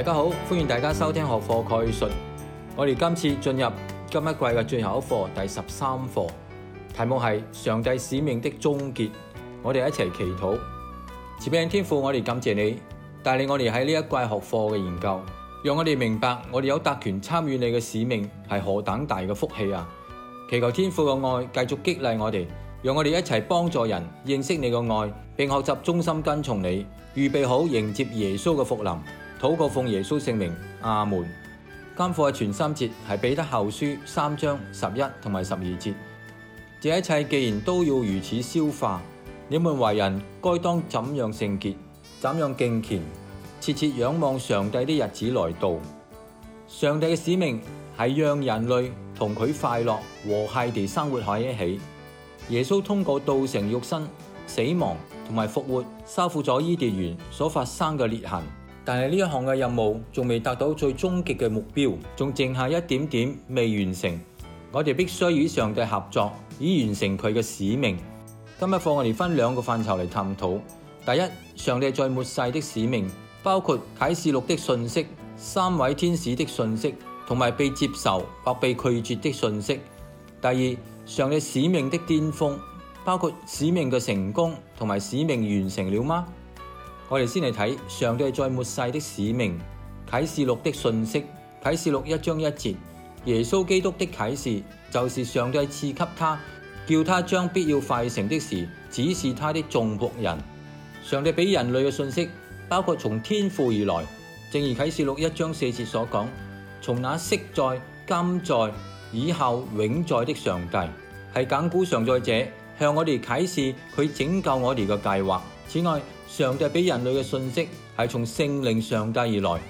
大家好，歡迎大家收聽學課概述。我哋今次進入今一季嘅最後一課，第十三課，題目係上帝使命的終結。我哋一齊祈禱，慈悲天父，我哋感謝你帶領我哋喺呢一季學課嘅研究，讓我哋明白我哋有特權參與你嘅使命係何等大嘅福氣啊！祈求天父嘅愛繼續激勵我哋，讓我哋一齊幫助人認識你嘅愛，並學習忠心跟從你，預備好迎接耶穌嘅復臨。禱告，奉耶穌聖名，阿門。今課嘅全心節係彼得後書三章十一同埋十二節。這一切既然都要如此消化，你們為人該當怎樣聖潔，怎樣敬虔，切切仰望上帝的日子來到。上帝嘅使命係讓人類同佢快樂和諧地生活喺一起。耶穌通過道成肉身、死亡同埋復活，修復咗伊甸園所發生嘅裂痕。但係呢一項嘅任務仲未達到最終極嘅目標，仲剩下一點點未完成。我哋必須與上帝合作，以完成佢嘅使命。今日課我哋分兩個範疇嚟探討：第一，上帝在末世的使命，包括啟示錄的信息、三位天使的信息同埋被接受或被拒絕的信息；第二，上帝使命的巔峰，包括使命嘅成功同埋使命完成了嗎？我哋先嚟睇上帝在末世的使命，啟示錄的訊息，啟示錄一章一節，耶穌基督的啟示就是上帝賜給他，叫他將必要快成的事指示他的眾僕人。上帝俾人類嘅訊息包括從天父而來，正如啟示錄一章四節所講，從那昔在、今在、以後永在的上帝，係亘古常在者，向我哋啟示佢拯救我哋嘅計劃。此外，上帝俾人類嘅信息係從聖靈上帝而來，《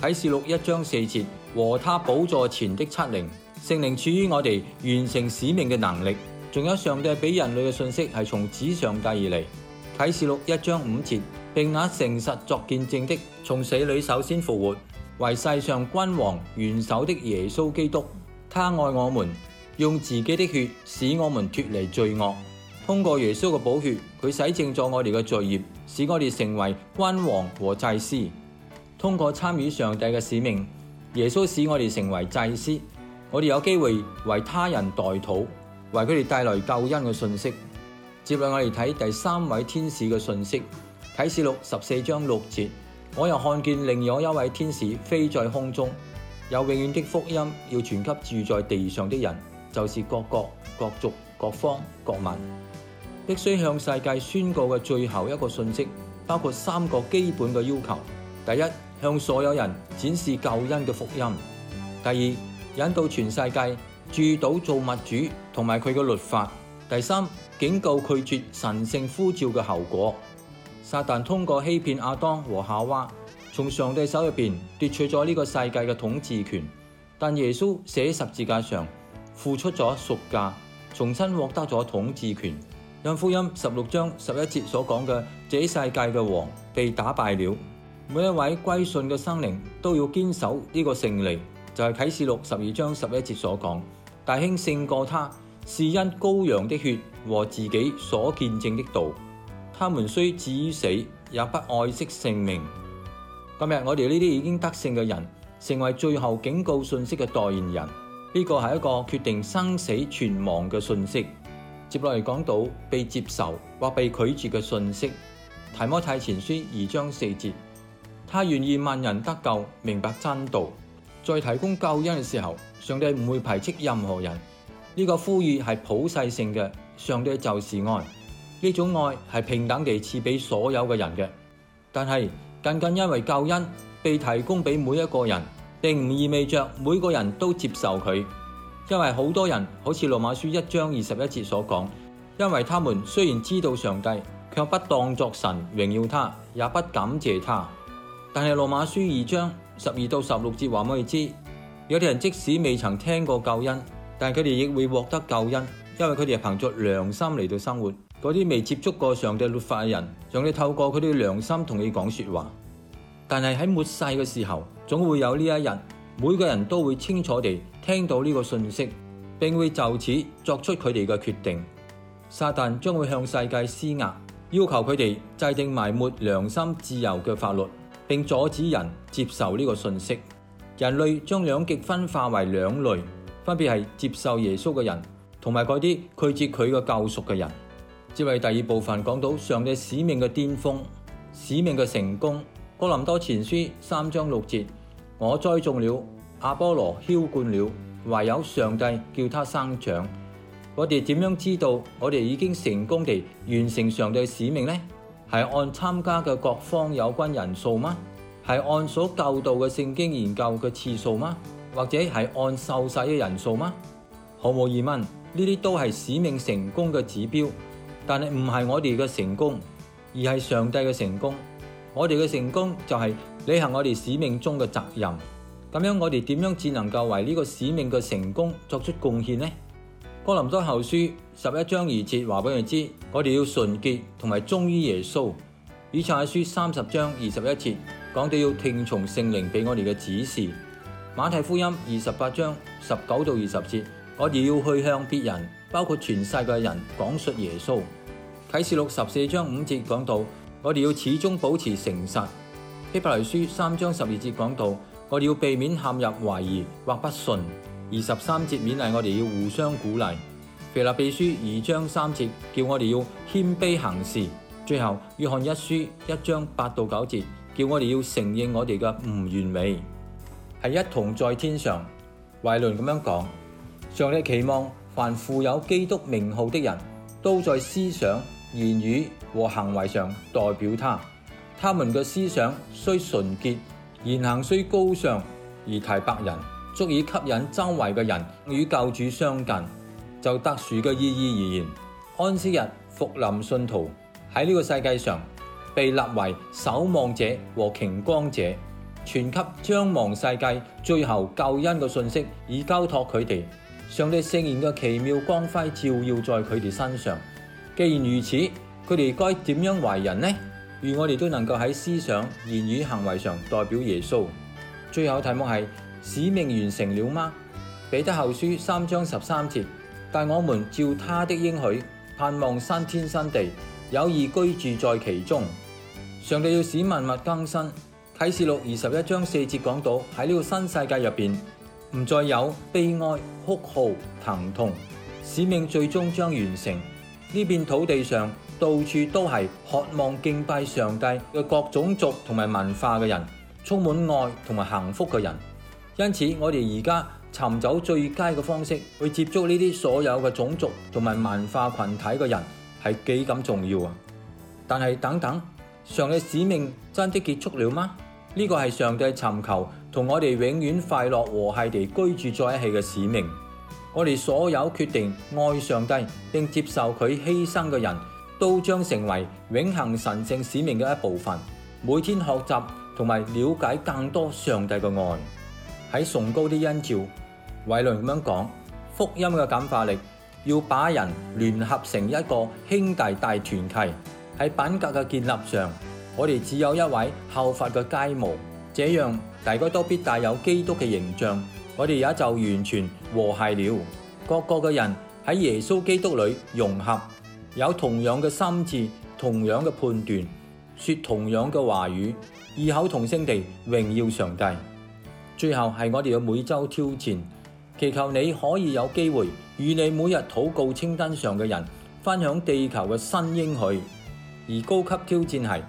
啟示錄一章四節》和他寶座前的七靈，聖靈處於我哋完成使命嘅能力。仲有上帝俾人類嘅信息係從子上帝而嚟，《啟示錄一章五節》並那誠實作見證的，從死裡首先復活，為世上君王元首的耶穌基督，他愛我們，用自己的血使我們脫離罪惡。通過耶穌嘅寶血，佢洗淨咗我哋嘅罪業，使我哋成為君王和祭司。通過參與上帝嘅使命，耶穌使我哋成為祭司，我哋有機會為他人代禱，為佢哋帶來救恩嘅信息。接落，我哋睇第三位天使嘅信息，啟示錄十四章六節。我又看見另有一位天使飛在空中，有永遠的福音要傳給住在地上的人，就是各國、各族、各方、各民。必須向世界宣告嘅最後一個訊息，包括三個基本嘅要求：第一，向所有人展示救恩嘅福音；第二，引導全世界注到造物主同埋佢嘅律法；第三，警告拒絕神聖呼召嘅後果。撒旦通過欺騙亞當和夏娃，從上帝手入邊奪取咗呢個世界嘅統治權，但耶穌寫十字架上付出咗贖價，重新獲得咗統治權。讓福音十六章十一節所講嘅，這世界嘅王被打敗了。每一位歸信嘅生靈都要堅守呢個勝利，就係啟示錄十二章十一節所講：弟兄勝過他，是因羔羊的血和自己所見證的道。他們雖至於死，也不愛惜性命。今日我哋呢啲已經得勝嘅人，成為最後警告信息嘅代言人。呢個係一個決定生死存亡嘅信息。接落嚟講到被接受或被拒絕嘅信息，《提摩太前書》二章四節，他願意萬人得救，明白真道，在提供救恩嘅時候，上帝唔會排斥任何人。呢個呼籲係普世性嘅，上帝就是愛，呢種愛係平等地賜俾所有嘅人嘅。但係，僅僅因為救恩被提供俾每一個人，並唔意味着每個人都接受佢。因為好多人好似羅馬書一章二十一節所講，因為他們雖然知道上帝，卻不當作神榮耀他，也不感謝他。但係羅馬書二章十二到十六節話俾你知，有啲人即使未曾聽過救恩，但係佢哋亦會獲得救恩，因為佢哋係憑着良心嚟到生活。嗰啲未接觸過上帝律法嘅人，仲要透過佢哋良心同你講說話。但係喺末世嘅時候，總會有呢一日，每個人都會清楚地。聽到呢個信息，並會就此作出佢哋嘅決定。撒旦將會向世界施壓，要求佢哋制定埋沒良心、自由嘅法律，並阻止人接受呢個信息。人類將兩極分化為兩類，分別係接受耶穌嘅人，同埋嗰啲拒絕佢嘅救贖嘅人。接嚟第二部分講到上帝使命嘅巔峰、使命嘅成功，《哥林多前書》三章六節，我栽種了。亞波羅澆灌了，唯有上帝叫他生長。我哋點樣知道我哋已經成功地完成上帝使命呢？係按參加嘅各方有關人數嗎？係按所教導嘅聖經研究嘅次數嗎？或者係按受洗嘅人數嗎？毫無疑問，呢啲都係使命成功嘅指標，但係唔係我哋嘅成功，而係上帝嘅成功。我哋嘅成功就係履行我哋使命中嘅責任。咁樣，我哋點樣至能夠為呢個使命嘅成功作出貢獻呢？哥林多後書十一章二節話俾我知，我哋要純潔同埋忠於耶穌。以賽亞書三十章二十一節講到要聽從聖靈俾我哋嘅指示。馬太福音二十八章十九到二十節，我哋要去向別人，包括全世界人，講述耶穌。啟示錄十四章五節講到，我哋要始終保持誠實。希伯來書三章十二節講到。我哋要避免陷入懷疑或不信。二十三節勉勵我哋要互相鼓勵。腓立比書二章三節叫我哋要謙卑行事。最後，約翰一書一章八到九節叫我哋要承認我哋嘅唔完美。係一同在天上。懷倫咁樣講：上帝期望凡富有基督名號的人都在思想、言語和行為上代表他。他們嘅思想需純潔。言行雖高尚，而提白人足以吸引周圍嘅人與救主相近。就特殊嘅意義而言，安息日復臨信徒喺呢個世界上被立為守望者和擎光者，傳給將亡世界最後救恩嘅信息，以交託佢哋。上帝聖言嘅奇妙光輝照耀在佢哋身上。既然如此，佢哋該點樣為人呢？如我哋都能夠喺思想、言語、行為上代表耶穌，最後題目係使命完成了嗎？彼得後書三章十三節，但我們照他的應許，盼望新天新地，有義居住在其中。上帝要使萬物更新。啟示錄二十一章四節講到喺呢個新世界入邊，唔再有悲哀、哭號、疼痛。使命最終將完成呢片土地上。到處都係渴望敬拜上帝嘅各種族同埋文化嘅人，充滿愛同埋幸福嘅人。因此，我哋而家尋找最佳嘅方式去接觸呢啲所有嘅種族同埋文化羣體嘅人，係幾咁重要啊！但係等等，上帝使命真啲結束啦嗎？呢個係上帝尋求同我哋永遠快樂和諧地居住在一起嘅使命。我哋所有決定愛上帝並接受佢犧牲嘅人。都將成為永恒神聖使命嘅一部分，每天學習同埋了解更多上帝嘅愛。喺崇高的恩召，偉倫咁樣講，福音嘅感化力要把人聯合成一個兄弟大團契。喺品格嘅建立上，我哋只有一位效法嘅佳模，這樣大家都必帶有基督嘅形象，我哋也就完全和諧了。各個嘅人喺耶穌基督裏融合，有同樣嘅心智，同樣嘅判斷，說同樣嘅話語，異口同聲地榮耀上帝。最後係我哋嘅每周挑戰，祈求你可以有機會與你每日禱告清單上嘅人分享地球嘅新應許。而高級挑戰係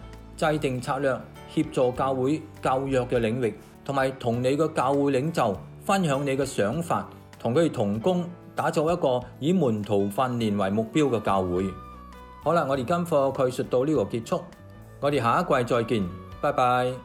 制定策略，協助教會教育嘅領域，同埋同你的教會領袖分享你嘅想法，同佢哋同工。打造一個以門徒訓練為目標嘅教會。好啦，我哋今課敘述到呢度結束，我哋下一季再見，拜拜。